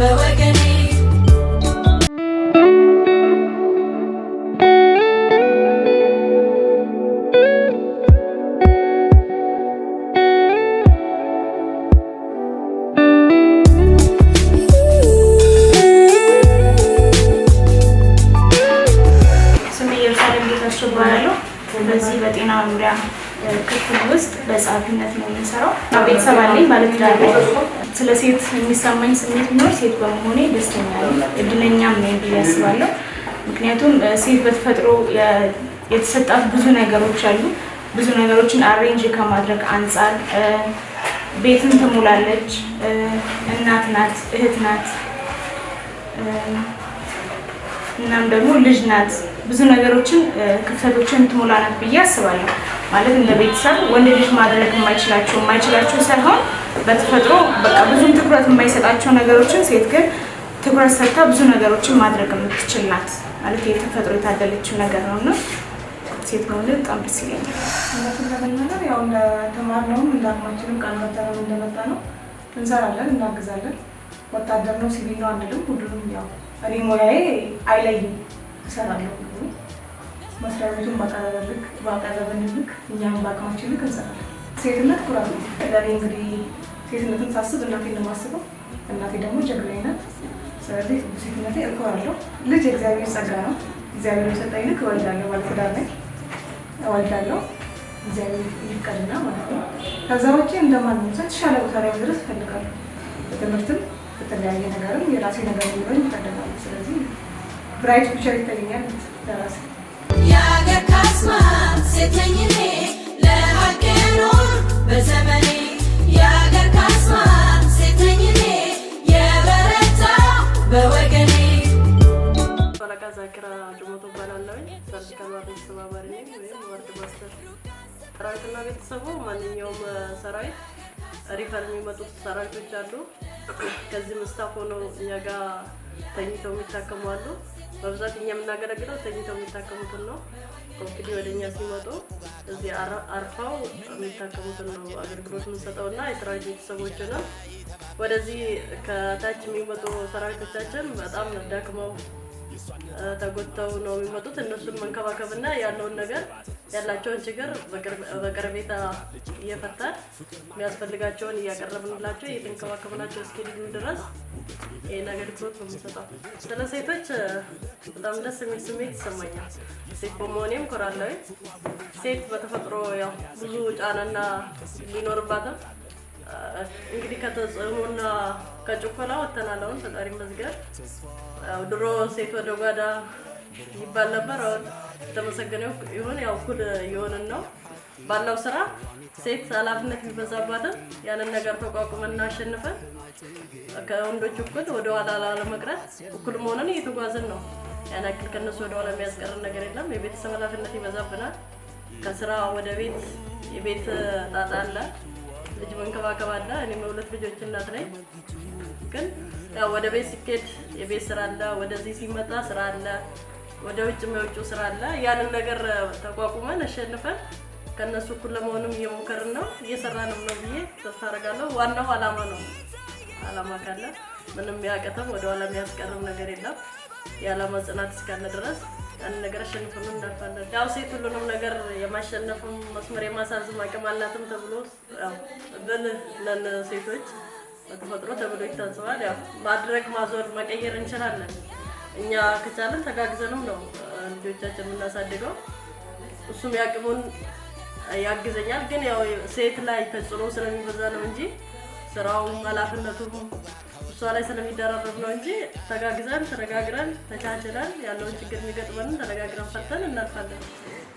በወገኔ ስሜ ኢየሩሳሌም ጌታቸው እባላለሁ። በዚህ በጤና ዙሪያ ክፍል ውስጥ በጸሐፊነት ነው የምንሰራው። ቤተሰብ አለኝ፣ ባለትዳር ነኝ። ስለ ሴት የሚሰማኝ ስሜት ቢኖር ሴት በመሆኔ ደስተኛ ነኝ፣ እድለኛም ነኝ ብዬ አስባለሁ። ምክንያቱም ሴት በተፈጥሮ የተሰጣት ብዙ ነገሮች አሉ። ብዙ ነገሮችን አሬንጅ ከማድረግ አንጻር ቤትም ትሞላለች። እናት ናት፣ እህት ናት። እናም ደግሞ ልጅ ናት። ብዙ ነገሮችን ክፍተቶችን ትሞላ ናት ብዬ አስባለሁ። ማለት ለቤተሰብ ወንድ ልጅ ማድረግ የማይችላቸው የማይችላቸው ሳይሆን በተፈጥሮ በቃ ብዙም ትኩረት የማይሰጣቸው ነገሮችን ሴት ግን ትኩረት ሰጥታ ብዙ ነገሮችን ማድረግ የምትችል ናት። ማለት የተፈጥሮ የታደለችው ነገር ነው እና ሴት መሆን በጣም ደስ ይለኛል። ለመናገር ያው እንደተማርነውም እንዳቅማችንም ቃል መጠረም እንደመጣ ነው እንሰራለን፣ እናግዛለን። ወታደር ነው ሲቪል ነው አንልም። ሁሉንም ያው እኔ ሙያዬ አይለይም እሰራለሁ። መስሪያ ቤቱን ባቀረበልክ ባቀረበልን ልክ እኛም በአቅማችን ልክ እንሰራለን። ሴትነት ኩራት ነው። ለእኔ እንግዲህ ሴትነትን ሳስብ እናቴ እንደማስበው እናቴ ደግሞ ጀግናዬ ናት። ስለዚህ ሴትነቴ እኮራለሁ። ልጅ የእግዚአብሔር ጸጋ ነው። እግዚአብሔር በሰጠኝ ልክ እወልዳለሁ። ባለትዳር ነኝ፣ እወልዳለሁ። እግዚአብሔር ይቀድና ማለት ነው። ከዛ ውጭ እንደማንም ሰው የተሻለ ቦታ ላይ መድረስ እፈልጋለሁ በትምህርትም በተለያየ ነገርም የራሴ ነገር ሊሆን ይፈልጋሉ። ስለዚህ ብራይት ፊቸር ይታየኛል ለራሴ የአገር ካስማ ሴተኝኔ ለሀገኖር በዘመኔ ዛኪራ ጅሞቶ ባላለውኝ ሰርጂካል ማረጅ ተባባሪ ወይም ወርድ ማስተር ሰራዊትና ቤተሰቡ ማንኛውም ሰራዊት ሪፈር የሚመጡት ሰራዊቶች አሉ ከዚህ ምስታፍ ሆነው እኛ ጋር ተኝተው የሚታከሙ አሉ። በብዛት እኛ የምናገለግለው ተኝተው የሚታከሙትን ነው። እንግዲህ ወደ እኛ ሲመጡ እዚህ አርፋው የሚታከሙትን ነው አገልግሎት የምንሰጠው እና የሰራዊት ነው። ወደዚህ ከታች የሚመጡ ሰራዊቶቻችን በጣም ደክመው ተጎድተው ነው የሚመጡት። እነሱን መንከባከብና ያለውን ነገር ያላቸውን ችግር በቅርቤታ እየፈታን የሚያስፈልጋቸውን እያቀረብንላቸው እየተንከባከብናቸው እስኪድን ድረስ ይህን አገልግሎት ነው ስለ ሴቶች በጣም ደስ የሚል ስሜት ይሰማኛል። ሴት በመሆኔም ኮራለሁ። ሴት በተፈጥሮ ያው ብዙ ጫናና ሊኖርባትም እንግዲህ ከተጽዕኖና ከጭኮላ ወተናለውን ፈጣሪ መዝገብ ድሮ ሴት ወደ ጓዳ ይባል ነበር። አሁን የተመሰገነ ይሁን ያው እኩል የሆንን ነው ባለው ስራ ሴት ኃላፊነት የሚበዛባትን ያንን ነገር ተቋቁመና አሸንፈን ከወንዶች እኩል ወደ ኋላ ላለመቅረት እኩል መሆንን እየተጓዝን ነው። ያን ያክል ከነሱ ወደ ኋላ የሚያስቀርን ነገር የለም። የቤተሰብ ኃላፊነት ይበዛብናል። ከስራ ወደ ቤት የቤት ጣጣ አለ፣ ልጅ መንከባከብ አለ። እኔም የሁለት ልጆች እናት ነኝ። ግን ያው ወደ ቤት ሲኬድ የቤት ስራ አለ፣ ወደዚህ ሲመጣ ስራ አለ። ወደ ውጭ የውጭው ስራ አለ። ያንን ነገር ተቋቁመን አሸንፈን ከእነሱ እኩል ለመሆንም እየሞከርን ነው፣ እየሰራንም ነው ብዬ ተስፋ አደርጋለሁ። ዋናው አላማ ነው። አላማ ካለ ምንም ያቀተም ወደኋላ የሚያስቀርም ነገር የለም። የአላማ ጽናት እስካለ ድረስ ያንን ነገር አሸንፈን እንዳልፋለን። ያው ሴት ሁሉንም ነገር የማሸነፍም መስመር የማሳዝም አቅም አላትም ተብሎ ብልህ ነን ሴቶች በተፈጥሮ ተብሎ ይታሰባል። ያው ማድረግ ማዞር፣ መቀየር እንችላለን። እኛ ከቻለን ተጋግዘንም ነው ልጆቻችን የምናሳድገው። እሱም ያቅሙን ያግዘኛል። ግን ያው ሴት ላይ ተጽዕኖ ስለሚበዛ ነው እንጂ ስራውም ኃላፊነቱም እሷ ላይ ስለሚደራረብ ነው እንጂ ተጋግዘን ተነጋግረን ተቻችለን ያለውን ችግር የሚገጥመንን ተነጋግረን ፈተን እናልፋለን።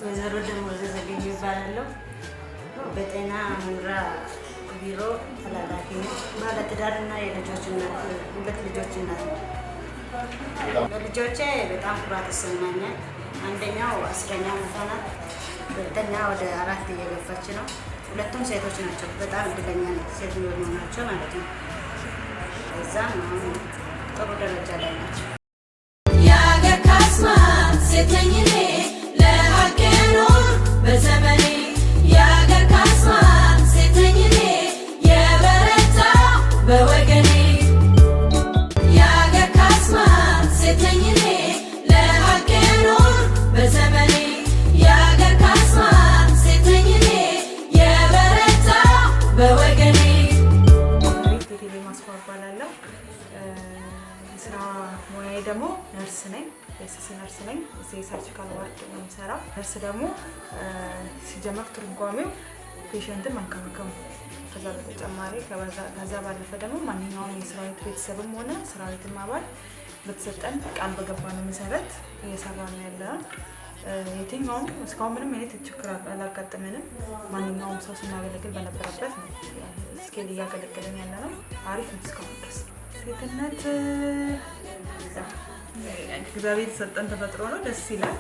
ወይዘሮ ደሞዘ ዘገኝ ይባላለሁ። በጤና ምራ ቢሮ ተላላፊ ባለትዳርና የልጆች እናት ሁለት ልጆች እናት ነው። በልጆቼ በጣም ኩራት ይሰማኛል። አንደኛው አስረኛ መሆናት፣ ሁለተኛ ወደ አራት እየገፋች ነው። ሁለቱም ሴቶች ናቸው። በጣም እድለኛ ሴት ናቸው ማለት ነው። እዛም አሁን ጥሩ ደረጃ ላይ ናቸው። የአገር ካስማ ሴተኝኔ ነርስ ነኝ። እዚህ ሰርጂካል ዋርድ ነው የምሰራው። ነርስ ደግሞ ሲጀመር ትርጓሜው ፔሽንትን መንከባከብ ነው። ከዛ በተጨማሪ ከዛ ባለፈ ደግሞ ማንኛውም የሰራዊት ቤተሰብም ሆነ ሰራዊትም አባል በተሰጠን ቃል በገባነው መሰረት እየሰራ ነው ያለ የትኛውም እስካሁን ምንም አይነት ችግር አላጋጠመንም። ማንኛውም ሰው ስናገለግል በነበረበት ነው ስኬል እያገለገለን ያለ ነው። አሪፍ ነው እስካሁን ድረስ ሴትነት እግዚአብሔር የተሰጠን ተፈጥሮ ነው። ደስ ይላል፣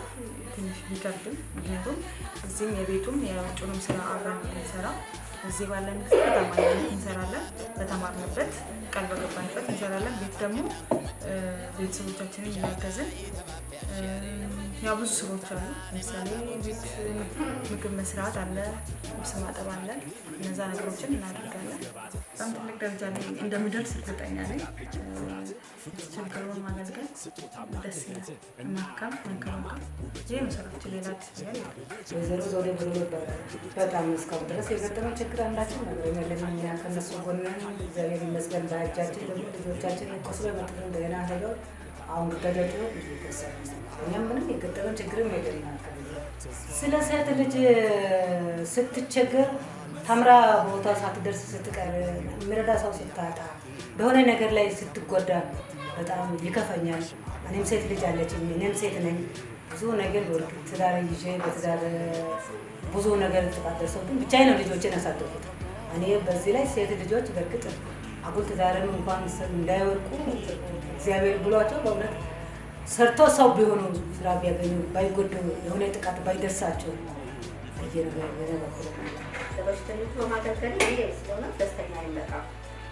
ትንሽ ቢከብድም፣ ምክንያቱም እዚህም የቤቱም የውጭንም ስራ አብረን እንሰራ እዚህ ባለን ጊዜ በተማሪነት እንሰራለን፣ በተማርንበት ቃል በገባንበት እንሰራለን። ቤት ደግሞ ቤተሰቦቻችንን እያገዝን ያው ብዙ ስራዎች አሉ። ለምሳሌ ቤት ምግብ መስራት አለ፣ ልብስ ማጠብ አለ። እነዛ ነገሮችን እናደርጋለን። በጣም ትልቅ ደረጃ ላይ እንደምደርስ እርግጠኛ ነኝ። ችግሩን ማገልገል ደስ ይላል። ማካም መንከባከብ ይህ መሰረት ሌላ ወይዘሮ ዞሬ ብሎ ነበር። በጣም እስካሁን ድረስ የገጠመን ችግር አንዳችን ነገር የለንም። እኛ ከነሱ ጎን እግዚአብሔር ይመስገን። በእጃችን ደግሞ ልጆቻችን ቆስሎ መጥፎ እንደገና ሄደው አሁን ተደርጎ እኛ ምንም የገጠመን ችግርም የለም። ስለ ሴት ልጅ ስትቸገር ታምራ ቦታ ሳትደርስ ስትቀር የሚረዳ ሰው ስታጣ በሆነ ነገር ላይ ስትጎዳ በጣም ይከፈኛል። እኔም ሴት ልጅ አለች፣ እኔም ሴት ነኝ። ብዙ ነገር ወርቅ ትዳር ይዤ በትዳር ብዙ ነገር ተቃደሰው፣ ግን ብቻዬን ነው ልጆችን ያሳደጉት። እኔ በዚህ ላይ ሴት ልጆች በእርግጥ አጉል ትዳርም እንኳን እንዳይወርቁ እግዚአብሔር ብሏቸው በእውነት ሰርቶ ሰው ቢሆኑ ስራ ቢያገኙ ባይጎዱ የሆነ ጥቃት ባይደርሳቸው በሽተኞቹ በማገልገል ይሄ ስለሆነ ደስተኛ ይመጣ።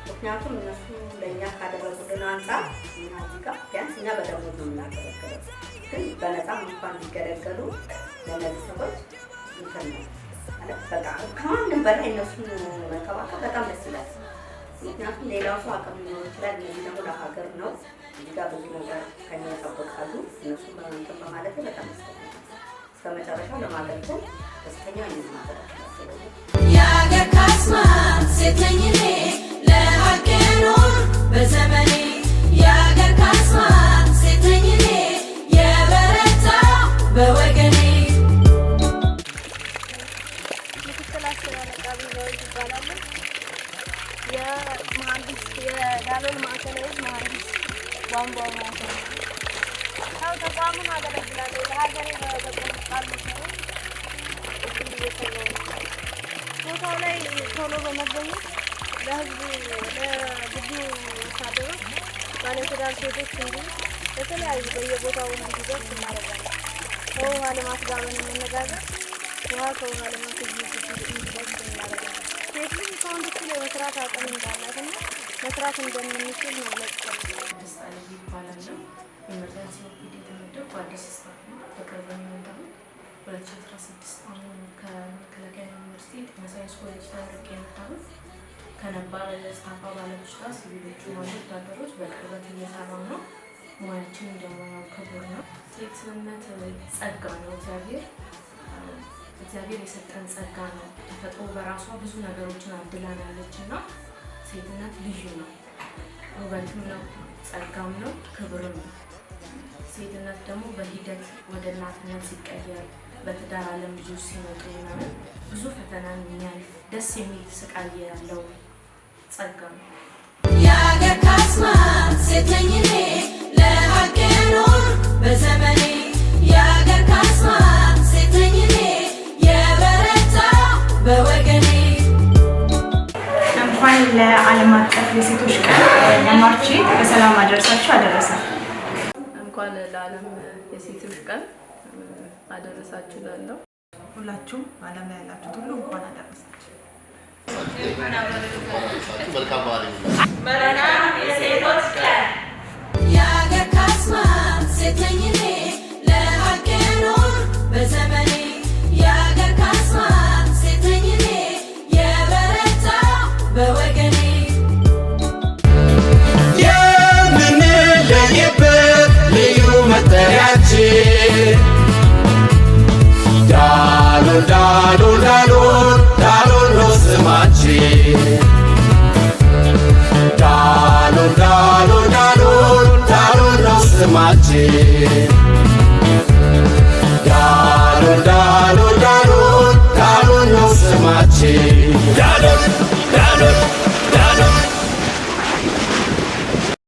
ምክንያቱም እነሱ ለእኛ ካደረጉልን አንጻር እና እዚህ ቢያንስ እኛ በደሞዝ ነው የምናገለግለው፣ ግን በነፃም እንኳን ቢገለገሉ ለእነዚህ ሰዎች እንትን ማለት በቃ ከማንም በላይ እነሱን መንከባከብ በጣም ደስ ይላል። ምክንያቱም ሌላው ሰው አቅም ሊኖር ይችላል። እነዚህ ደግሞ ለሀገር ነው። እዚህ ጋር ብዙ ነገር ከኛ ይጠበቃሉ። በማለት በጣም እስከ መጨረሻው ለማገልገል ደስተኛ የሀገር ካስማ ሴተኝኔ በዘመን ላይ ቶሎ በመገኘት ለህዝቡ ለብዙ ወታደሮች፣ ባለትዳር ሴቶች እንዲሁም የተለያዩ በየቦታው እንዲደርስ እናደርጋለን። ከውሃ ልማት ጋር በመነጋገር ውሃ ከውሃ ልማት እንዲደርስ እናደርጋለን። ሴት ልጅ ከወንድ እኩል የመስራት አቅም እንዳላትና መስራት እንደምንችል መግለጽ ይፈልጋል። ደስታ ላይ ይባላል። ኦፒዲ የተመደብ በአዲስ ስታፍ ነው። በቅርብ የሚመጣሁት 2016 ከመከላከያ ዩኒቨርሲቲ ጤና ኮሌጅ ተመርቄ የመጣሁት ከነባር ስታፍ አባላቶች ጋር ሲቪሎቹ ሆኑ ወታደሮች በቅርበት እየሰራው ነው። ሙያችን እንደሙያው ክቡር ነው። ሴትነት ጸጋ ነው። እግዚአብሔር እግዚአብሔር የሰጠን ጸጋ ነው። ተፈጥሮ በራሷ ብዙ ነገሮችን አድላናለች እና ሴትነት ልዩ ነው። ውበትም ነው፣ ጸጋም ነው፣ ክብርም ነው። ሴትነት ደግሞ በሂደት ወደ እናትነት ሲቀየር በትዳር አለም ልጆች ሲመጡ ምናምን ብዙ ፈተና የሚያልፍ ደስ የሚል ስቃይ ያለው ጸጋ ነው። የአገር ካስማ ሴተኝ እኔ ኖር በዘመኔ ለዓለም አቀፍ የሴቶች ቀን ለማርች በሰላም አደረሳችሁ አደረሰ። እንኳን ለዓለም የሴቶች ቀን አደረሳችሁ ላለው ሁላችሁም ዓለም ላይ ያላችሁት ሁሉ እንኳን አደረሳችሁ። መልካም የሴቶች ቀን የአገር ካስማ ሴተኝነት ዳሩ ዳሩ ዳሩ ዳሩ ነው ስማችን